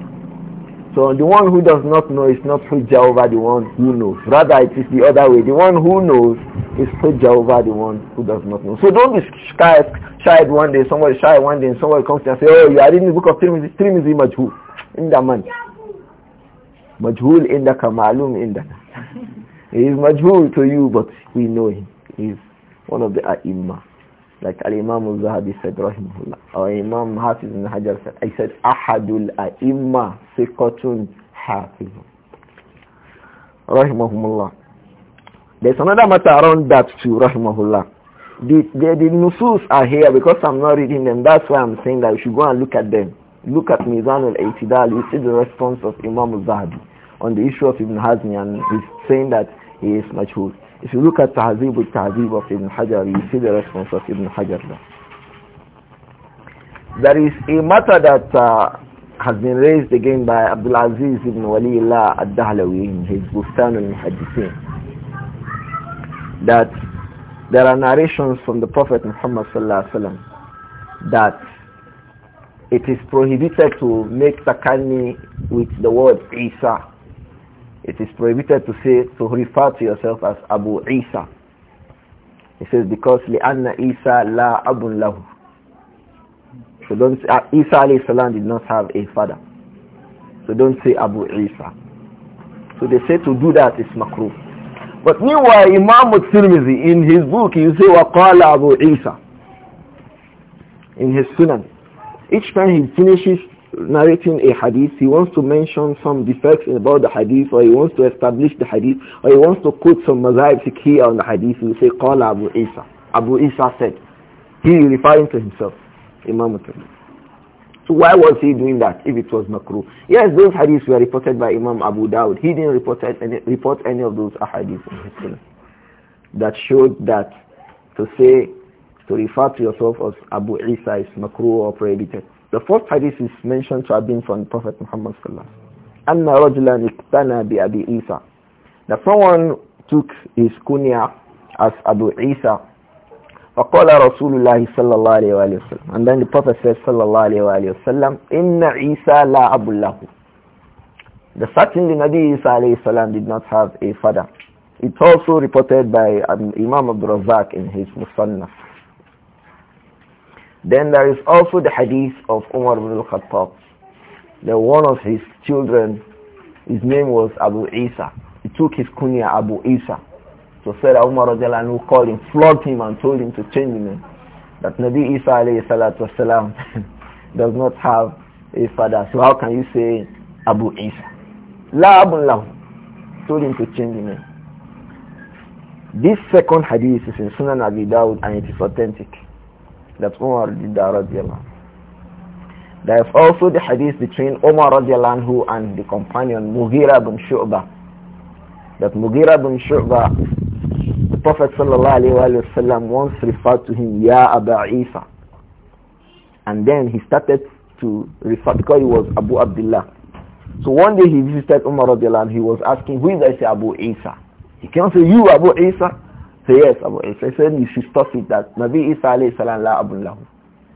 So the one who does not know is not hujja over the one who knows. Rather, it is the other way. The one who knows is hujja over the one who does not know. So don't be shy, shy one day, somebody shy one day, and somebody comes to you and say, oh, you are reading the book of Tirmidhi, Tirmidhi Majhu. In that man. Majhul indaka, ma'lum indaka. He is majhul to you, but we know him. He is one of the ai Like Al-Imam al-Zahabi said, rahimahullah. Or Imam Hafiz ibn Hajar said, I said, Ahadul ai sikotun hafiz. Rahimahumullah. There's another matter around that too, rahimahullah. The, the, the nusus are here because I'm not reading them. That's why I'm saying that you should go and look at them. Look at Mizan al-Aitidal. You see the response of Imam al-Zahabi on the issue of Ibn Hazmi and he's saying that he is mature. If you look at Tahzib with tahzib of Ibn Hajar, you see the response of Ibn Hajar There is a matter that uh, has been raised again by Abdul Aziz ibn Waliullah al-Dahlawi in his Bustan al-Muhaddithin that there are narrations from the Prophet Muhammad sallallahu that it is prohibited to make takani with the word Isa it is prohibited to say to refer to yourself as Abu Isa. He says because li Ana Isa la abun lahu. So don't say, uh, Isa alayhi salam did not have a father. So don't say Abu Isa. So they say to do that is makruh. But meanwhile Imam al-Tirmidhi in his book you say waqala Abu Isa in his Sunan. Each time he finishes narrating a hadith, he wants to mention some defects about the hadith, or he wants to establish the hadith, or he wants to quote some mazhab fiqhiyah on the hadith, he will say, Qala Abu Isa. Abu Isa said. He is referring to himself, Imam Tirmidhi. So why was he doing that if it was makruh? Yes, those hadiths were reported by Imam Abu Dawud. He didn't report any, report any of those hadiths that showed that to say, to refer to yourself as Abu Isa is makruh or prohibited. The first hadith is mentioned to have been from Prophet Muhammad sallallahu Anna rajulan iqtana bi Abi Isa. That someone took his kunya as Abu Isa. فقال رسول الله صلى الله عليه وآله وسلم and then the Prophet says صلى الله عليه وآله وسلم إن عيسى لا أب له the certainly Nabi Isa عليه السلام did not have a father it's also reported by um, Imam Abdul Razak in his Musannaf then there is also the hadith of Umar ibn al-Khattab. That one of his children, his name was Abu Isa. He took his kunya Abu Isa. So said Umar Anhu called him, flogged him and told him to change the name. That Nabi Isa alayhi salatu wasalam does not have a father. So how can you say Abu Isa? La Abu Lahu. Told him to change the name. This second hadith is in Sunan Abi Dawud and it is authentic that Umar did that radiallahu There is also the hadith between Umar radiallahu and the companion Mughira bin Shuba That Mughira bin Shuba, the Prophet sallallahu alayhi wa sallam once referred to him, Ya Aba Isa. And then he started to refer, because he was Abu Abdullah. So one day he visited Umar radiallahu he was asking, who is I say Abu Isa? He came not say, you Abu Isa? Say yes, Abu Isa. He said you should stop it that Nabi Isa alayhi salam la abun lahu.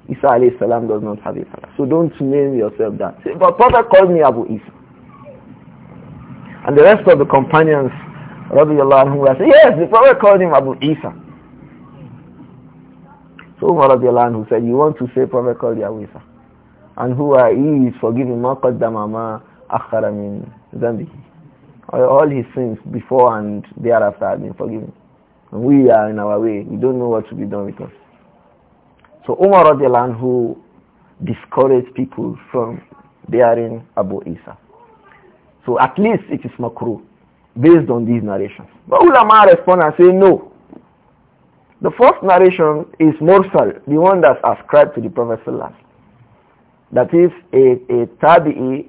Isa alayhi salam does not have a father. So don't name yourself that. Say, but Prophet called me Abu Isa. And the rest of the companions, radiallahu anhu, said yes, the Prophet called him Abu Isa. So Umar radiallahu anhu said, you want to say Prophet called you Abu Isa? And who are he is forgiving ma qaddama ma akhara min zambihi. All his sins before and thereafter have been forgiven we are in our way. We don't know what to be done with us. So Umar Radiallahu who discouraged people from bearing Abu Isa. So at least it is makruh based on these narrations. But ulama respond and say no. The first narration is mursal, the one that's ascribed to the Prophet Sallallahu That is a, a tabi'i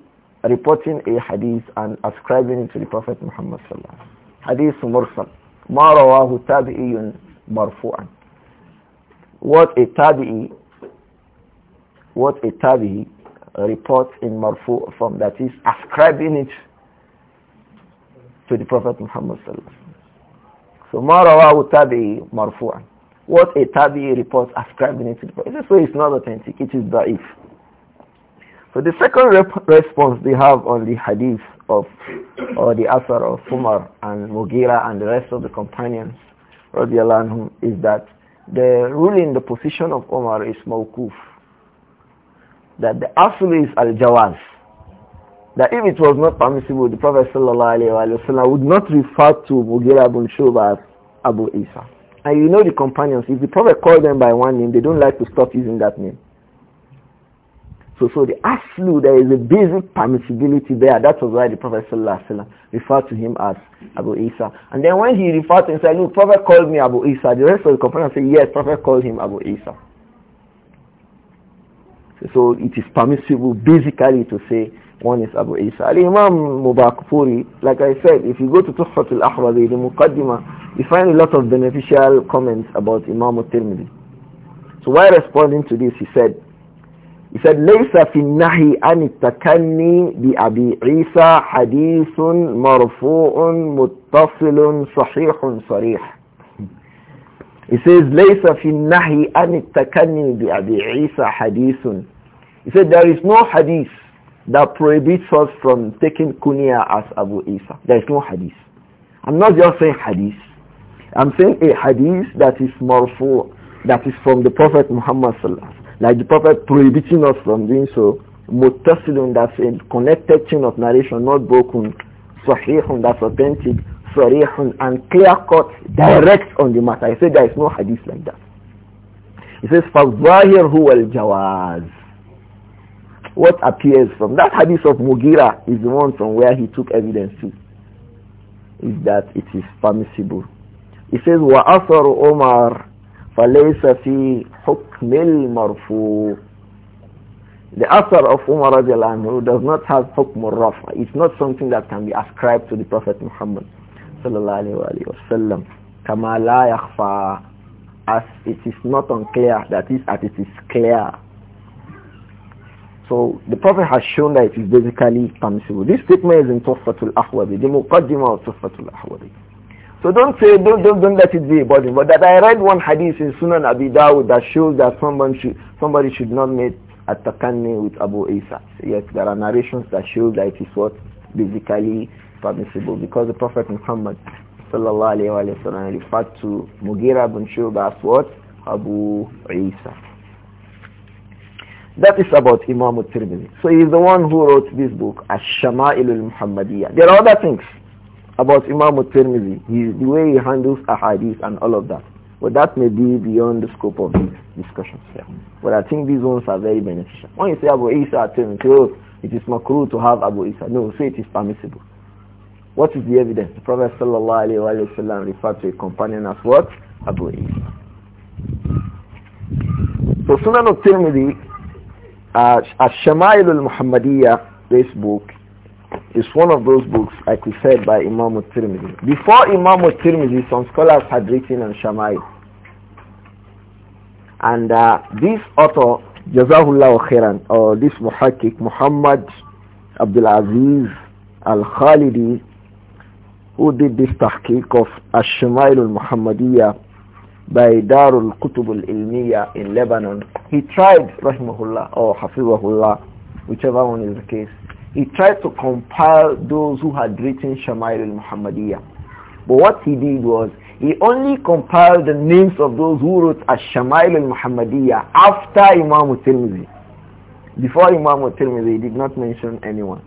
reporting a hadith and ascribing it to the Prophet Muhammad Sallallahu Hadith mursal. ما رواه تابعي what a tabi'i what a tabi'i reports in marfu from that is ascribing it to the prophet muhammad sallallahu so ma rawahu tabi'i marfu'an what a tabi'i reports ascribing it to the prophet way it's not authentic it is da'if so the second response they have on the hadith of or the Asar of Umar and Mugira and the rest of the companions anhum, is that the ruling the position of Umar is mawkuf. That the Asul is al-jawaz. That if it was not permissible, the Prophet Wasallam would not refer to Mugira ibn Shuba as Abu Isa. And you know the companions, if the Prophet called them by one name, they don't like to stop using that name. So, so the aslu, there is a basic permissibility there. That was why the Prophet referred to him as Abu Isa. And then when he referred to him, said, look, Prophet called me Abu Isa. The rest of the companions said, yes, Prophet called him Abu Isa. So, it is permissible basically to say one is Abu Isa. Al-Imam Mubarakpuri, like I said, if you go to Tuhfat al-Ahwazi, the you find a lot of beneficial comments about Imam al-Tirmidhi. So while responding to this, he said, he said, لَيْسَ فِي النَّهِي أَنِ التَّكَنِّي بِأَبِي عِيسَى حَدِيثٌ مَرْفُوعٌ مُتَّصِلٌ صَحِيحٌ صَرِيحٌ He says, لَيْسَ فِي النَّهِي أَنِ التَّكَنِّي بِأَبِي عِيسَى حَدِيثٌ He said, there is no hadith that prohibits us from taking kunya as Abu Isa. There is no hadith. I'm not just saying hadith. I'm saying a hadith that is marfu, that is from the Prophet Muhammad sallallahu alaihi wasallam." like the Prophet prohibiting us from doing so. Mutasilun, that's a connected chain of narration, not broken. Sahihun, that's authentic. Sarihun, and clear-cut, direct on the matter. He said there is no hadith like that. He says, فَالظَّاهِرْ هُوَ الْجَوَازِ What appears from that hadith of Mugira is the one from where he took evidence to. Is that it is permissible. He says, وَأَثَرُ Omar فَلَيْسَ فِي حُكْمِ الْمَرْفُوعِ The author of Umar anhu does not have hukm al It's not something that can be ascribed to the Prophet Muhammad sallallahu alayhi wa وسلم. Kama la As it is not unclear, that is, as it is clear. So the Prophet has shown that it is basically permissible. This statement is in Tuffatul Ahwazi, the Muqaddimah of Tuffatul Ahwazi. So don't say, don't, don't, don't let it be a burden. But that I read one hadith in Sunan Abi Dawud that shows that someone should, somebody should not at atakanni with Abu Isa. Yes, there are narrations that show that it is what basically permissible because the Prophet Muhammad sallallahu alayhi wasallam referred to Mughira bin Shuba as what? Abu Isa. That is about Imam al-Tirmidhi. So he is the one who wrote this book, Ash-Shama'il al-Muhammadiyah. There are other things about Imam al-Tirmidhi, the way he handles ahadith and all of that. But that may be beyond the scope of this discussion. here. But I think these ones are very beneficial. When you say Abu Isa al oh, it is makruh to have Abu Isa. No, say it is permissible. What is the evidence? The Prophet sallallahu alayhi wa referred to a companion as what? Abu Isa. So Sunan al-Tirmidhi, uh, Ash-Shama'il al-Muhammadiyah, this book, is one of those books, like we said, by Imam al-Tirmidhi. Before Imam al-Tirmidhi, some scholars had written on Shama'il. And uh, this author, Jazahullah Khairan, or this muhakkik, Muhammad Abdul Aziz Al-Khalidi, who did this tahqiq of Ash-Shama'il al-Muhammadiyah by Darul Qutub al-Ilmiya in Lebanon, he tried, rahimahullah or hafizahullah, whichever one is the case, he tried to compile those who had written Shama'il al-Muhammadiyah. But what he did was, he only compiled the names of those who wrote as shamail al-Muhammadiyah after Imam al-Tirmidhi. Before Imam al-Tirmidhi, he did not mention anyone.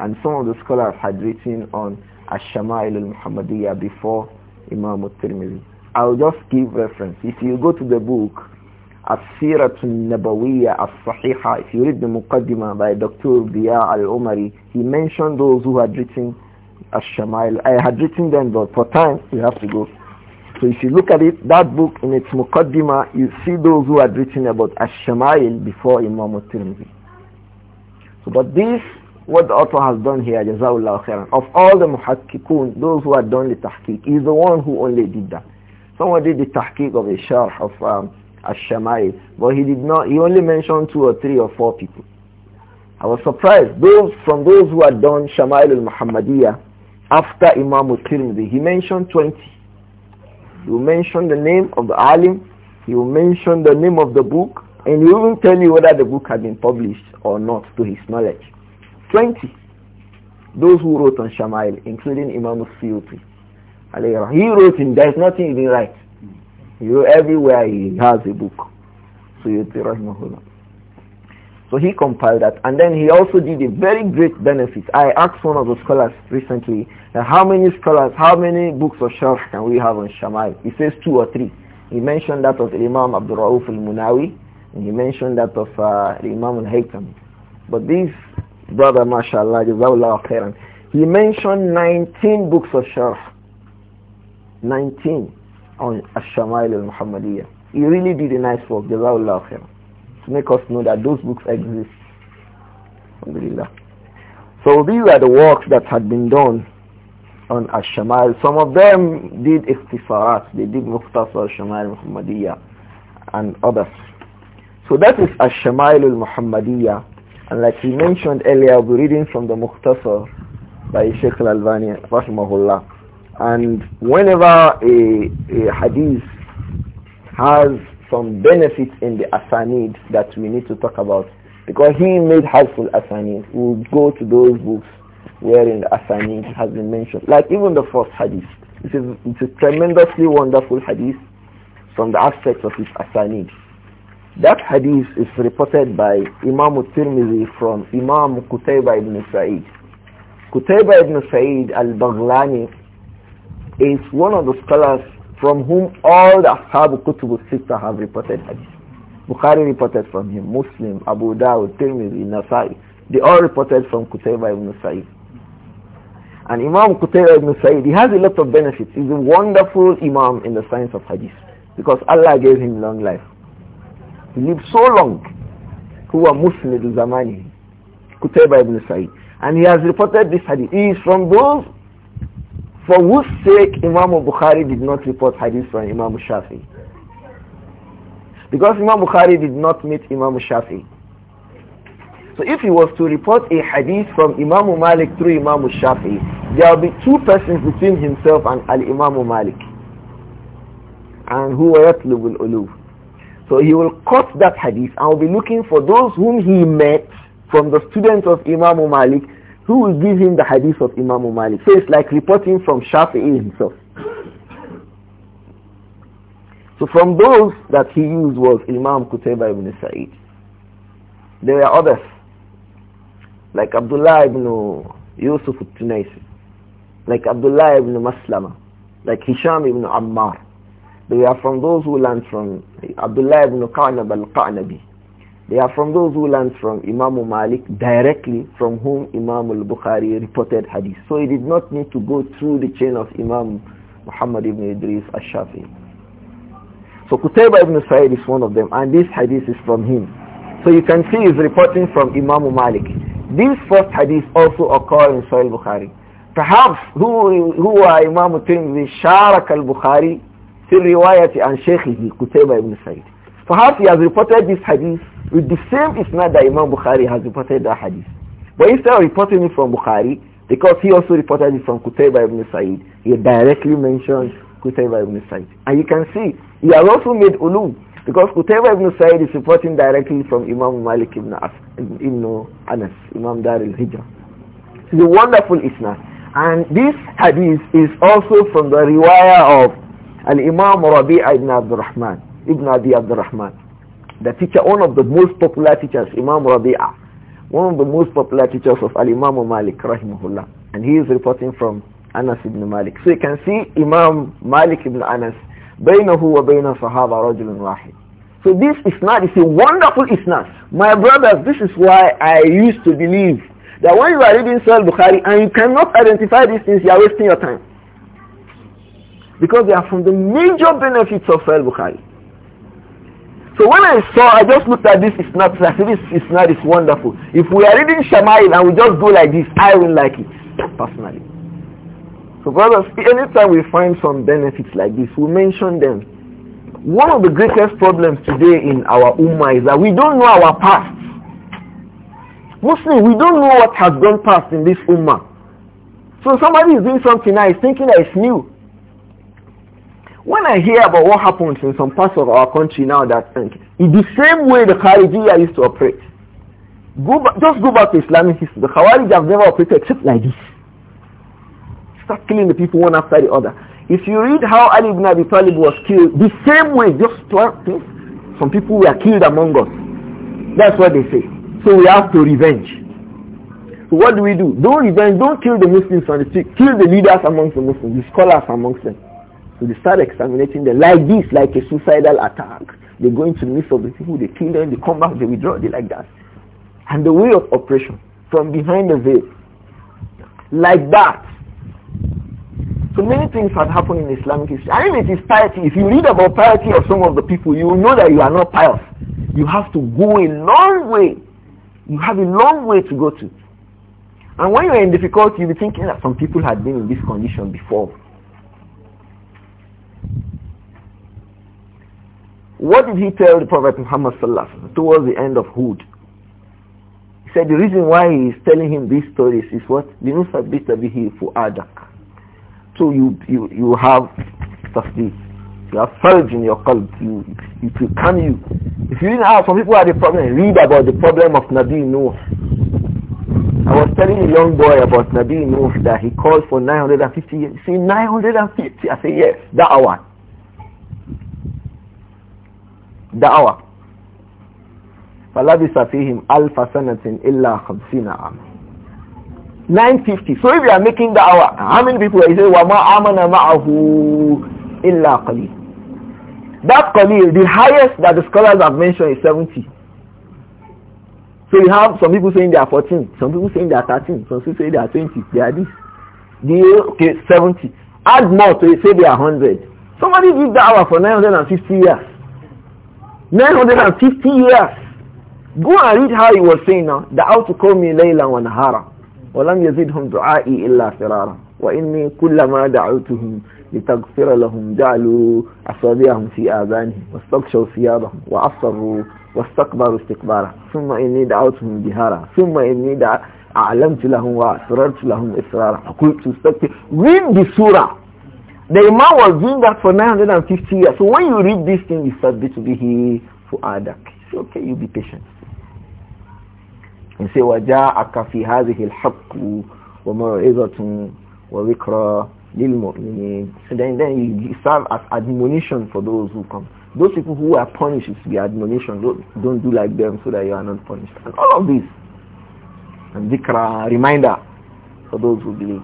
And some of the scholars had written on as shamail al-Muhammadiyah before Imam al-Tirmidhi. I'll just give reference. If you go to the book, as-Siratun Nabawiyya as sahihah if you read the Muqaddimah by Dr. Biya Al-Umari, he mentioned those who had written Ash-Shamail. I had written them, but for time, we have to go. So if you look at it, that book in its Muqaddimah, you see those who had written about Ash-Shamail before Imam al-Tirmidhi. So, but this, what the author has done here, Jazawullah Khairan, of all the muhakkikun, those who had done the tahqiq, he's the one who only did that. Someone did the tahqiq of a sharh of um, as shamai But he did not, he only mentioned two or three or four people. I was surprised. Those from those who had done Shama'il al-Muhammadiyah after Imam al-Tirmidhi, he mentioned 20. He will mention the name of the alim, he will mention the name of the book, and he will tell you whether the book had been published or not to his knowledge. 20. Those who wrote on Shama'il, including Imam al-Suyuti. He wrote him, there is nothing he didn't write. You everywhere he has a book. So you So he compiled that. And then he also did a very great benefit. I asked one of the scholars recently, uh, how many scholars, how many books of Sharh can we have on Shamai? He says two or three. He mentioned that of Imam Abdul Rauf al-Munawi, and he mentioned that of uh, Imam al-Haytham. But this brother, mashallah, he mentioned 19 books of Sharh. 19 on Ash-Shamail al-Muhammadiyya. He really did a nice work, love him. to make us know that those books exist. Alhamdulillah. So these are the works that had been done on Ash-Shamail. Some of them did ikhtisarat, they did Muqtasar Ash-Shamail al-Muhammadiyya and others. So that is Ash-Shamail al-Muhammadiyya. And like we mentioned earlier, I'll be reading from the Muqtasar by Sheikh Al-Albani, rahimahullah. And whenever a, a hadith has some benefits in the asanid that we need to talk about, because he made helpful asanid, we'll go to those books wherein the asanid has been mentioned. Like even the first hadith. It is, it's a tremendously wonderful hadith from the aspect of its asanid. That hadith is reported by Imam al-Tirmidhi from Imam Qutayba ibn Sa'id. Qutayba ibn Sa'id al-Baghlani is one of the scholars from whom all the Ashab Kutub Sitta have reported hadith. Bukhari reported from him, Muslim, Abu Dawud, Tirmidhi, Nasai. They all reported from Qutayba ibn Sa'id. And Imam Qutayba ibn Sa'id, he has a lot of benefits. He's a wonderful Imam in the science of hadith because Allah gave him long life. He lived so long. Who were Muslim Zamani, Qutayba ibn Sa'id. And he has reported this hadith. He is from those for whose sake Imam Bukhari did not report hadith from Imam Shafi? Because Imam Bukhari did not meet Imam Shafi. So if he was to report a hadith from Imam Malik through Imam Shafi, there will be two persons between himself and Al-Imam Malik. And who yatlub al-ulub. So he will cut that hadith and will be looking for those whom he met from the students of Imam Malik who will give him the hadith of Imam Malik? So it's like reporting from Shafi'i himself. So from those that he used was Imam Qutayba ibn Sa'id. There were others, like Abdullah ibn Yusuf al-Tunaisi, like Abdullah ibn Maslama, like Hisham ibn Ammar. They are from those who learned from Abdullah ibn Qanab al-Qanabi. They are from those who learned from Imam Malik directly from whom Imam al-Bukhari reported hadith. So he did not need to go through the chain of Imam Muhammad ibn Idris al-Shafi. So Qutayba ibn Sa'id is one of them and this hadith is from him. So you can see he's reporting from Imam Malik. This first hadith also occur in Sahih Bukhari. Perhaps who, who are Imam Tirmidhi Sharak al-Bukhari في الرواية عن شيخه قتيبة ibn Sa'id. Perhaps he has reported this hadith with the same isna that Imam Bukhari has reported that hadith. But instead of reporting it from Bukhari, because he also reported it from Qutayba ibn Sa'id, he directly mentioned Qutayba ibn Sa'id. And you can see, he has also made ulum, because Qutayba ibn Sa'id is reporting directly from Imam Malik ibn, As ibn Anas, Imam Dar al-Hijrah. It's a wonderful isnad. And this hadith is also from the riwayah of Al-Imam Rabi'a ibn Abdurrahman, ibn Abi Abdurrahman. The teacher, one of the most popular teachers, Imam Rabi'ah, one of the most popular teachers of Al-Imam Malik, rahimahullah. And he is reporting from Anas ibn Malik. So you can see Imam Malik ibn Anas, بينه وبين صحابة رجل واحد. So this isnad is a wonderful isnad. My brothers, this is why I used to believe that when you are reading Sahih Bukhari and you cannot identify these things, you are wasting your time. Because they are from the major benefits of Sahih Bukhari. So when I saw, I just looked at this It's not, it's this isnad wonderful. If we are reading Shama'il and we just go like this, I will like it, personally. So brothers, anytime we find some benefits like this, we mention them. One of the greatest problems today in our ummah is that we don't know our past. Mostly, we don't know what has gone past in this ummah. So somebody is doing something now, is thinking that it's new. When I hear about what happens in some parts of our country now that in the same way the Khawarijiyah used to operate, go just go back to Islamic history. The Khawarij have never operated except like this. Start killing the people one after the other. If you read how Ali ibn Abi Talib was killed, the same way, just 12, some people were killed among us. That's what they say. So we have to revenge. So what do we do? Don't revenge, don't kill the Muslims on the street. Kill the leaders amongst the Muslims, the scholars amongst them. So they start exterminating them like this, like a suicidal attack. They go into the midst of the people, they kill them, they come back, they withdraw, they like that. And the way of operation, from behind the veil, like that. So many things have happened in Islamic history. I mean, it is piety. If you read about piety of some of the people, you will know that you are not pious. You have to go a long way. You have a long way to go to. And when you are in difficulty, you'll be thinking that some people had been in this condition before. What did he tell the Prophet Muhammad sallallahu towards the end of Hud? He said the reason why he is telling him these stories is what? لِنُثَبِّتَ بِهِ فُؤَادَكَ So you, you, you have tasbih. You have surge in your qalb. You, can, you. If you didn't have, some people had a problem. Read about the problem of Nabi Nuh. I was telling a young boy about Nabi Nuh that he called for 950 years. He said, 950? I said, yes, that hour. da'wah فلبث فيهم ألف سنة إلا خمسين عاما 950 so if you are making the hour how many people are you saying وما آمن Ma'ahu? Illa قليل that قليل the highest that the scholars have mentioned is 70 so you have some people saying they are 14 some people saying they are 13 some people say they are 20 they are this they okay 70 add more to it. say they are 100 somebody did the hour for 950 years 950 years. Go and read how he was saying now. دعوت قومي ليلا ونهارا ولم يزدهم دعائي إلا فرارا وإني كلما دعوتهم لتغفر لهم جعلوا أصابعهم في آذانهم واستغشوا ثيابهم وأصروا واستكبروا استكبارا ثم إني دعوتهم جهارا ثم إني دع... أعلمت لهم وأسررت لهم إسرارا قلت استكبر read the surah the Imam was doing that for 950 years. So when you read this thing, you start to be here for Adak. It's okay, you be patient. And say, وَجَاءَكَ فِي هَذِهِ الْحَقُّ wa wikra لِلْمُؤْمِنِينَ So then, then you serve as admonition for those who come. Those people who are punished should be admonition. Don't, don't do like them so that you are not punished. And all of this. And dhikra, reminder for those who believe.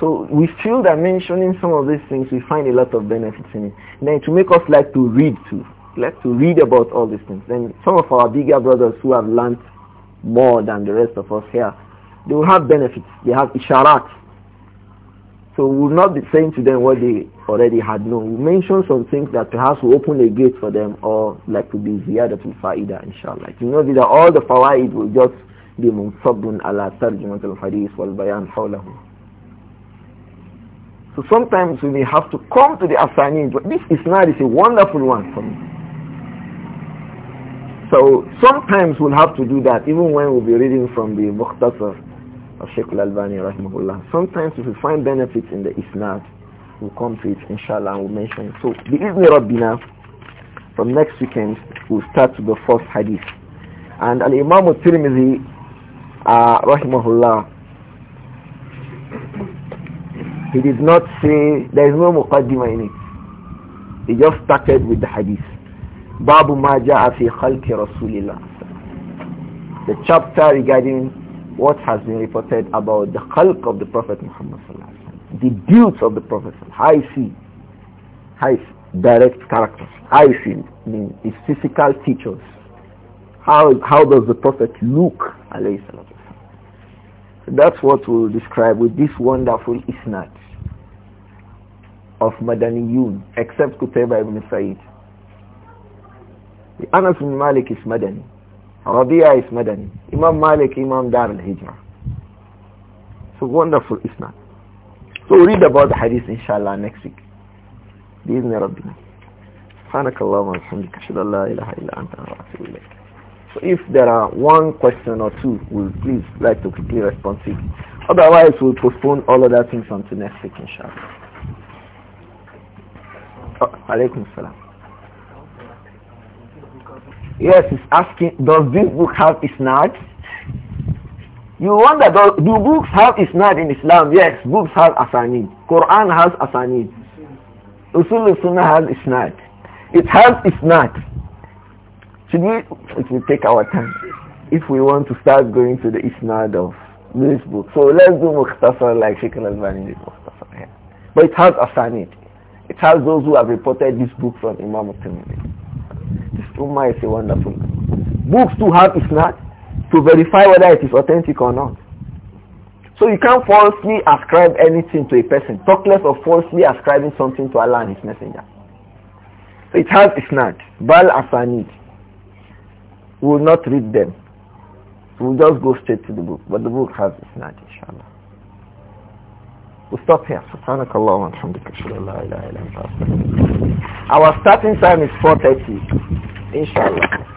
So we feel that mentioning some of these things, we find a lot of benefits in it. then to make us like to read too, like to read about all these things. Then some of our bigger brothers who have learned more than the rest of us here, they will have benefits. They have isharat. So we will not be saying to them what they already had known. We mention some things that perhaps will open a gate for them or like to be al fa'ida inshallah. You know that all the fawaid will just be munsabun ala tarjumat al-hadith wal bayan hawlahu. So sometimes we may have to come to the assignee. This isnad is a wonderful one for me. So sometimes we'll have to do that even when we'll be reading from the Mukhtasar of Sheikh Al-Albani rahimahullah. Sometimes if we find benefits in the isnad, we'll come to it inshallah and we'll mention it. So the Ibn Rabbina, from next weekend, we'll start the first hadith. And Al-Imam al-Tirmidhi uh, rahimahullah he did not say, there is no muqaddimah in it. He just started with the hadith. Babu Maja fi khalki Rasulillah. The chapter regarding what has been reported about the khalq of the Prophet Muhammad The deeds of the Prophet I see. I see. Direct characters. I see. mean, his physical features. How, how does the Prophet look? Alayhi that's what we'll describe with this wonderful isnad of Madaniyun except Qutayba ibn Sa'id. Anas ibn Malik is Madani. Rabia is Madani. Imam Malik, Imam Dar al-Hijrah. So wonderful Islam. So read about the hadith inshallah next week. بإذن ربنا سبحانك اللهم وبحمدك أشهد أن لا إله إلا أنت أستغفرك إليك So if there are one question or two, we'll please like to quickly respond to it. Otherwise, we'll postpone all other things until next week, inshallah. Oh, salam. Yes, he's asking, does this book have isnad? You wonder, do, do books have isnad in Islam? Yes, books have asanid. Quran has asanid. Usul sunnah has isnad. It has isnad. Should we, it will take our time if we want to start going to the isnad of this book. So let's do mukhtasar like Sheikh al-Albani did mukhtasar. Yeah. But it has asanid. It has those who have reported this book from Imam al-Tirmidhi. This Ummah is a wonderful book. to have is not to verify whether it is authentic or not. So you can't falsely ascribe anything to a person. Talk less of falsely ascribing something to Allah and His Messenger. So it has is isnad, bal asanid. We will not read them. we'll just go straight to the book. But the book has is not. We'll stop here. Subhanakallah Our starting time is 4.30. Inshallah.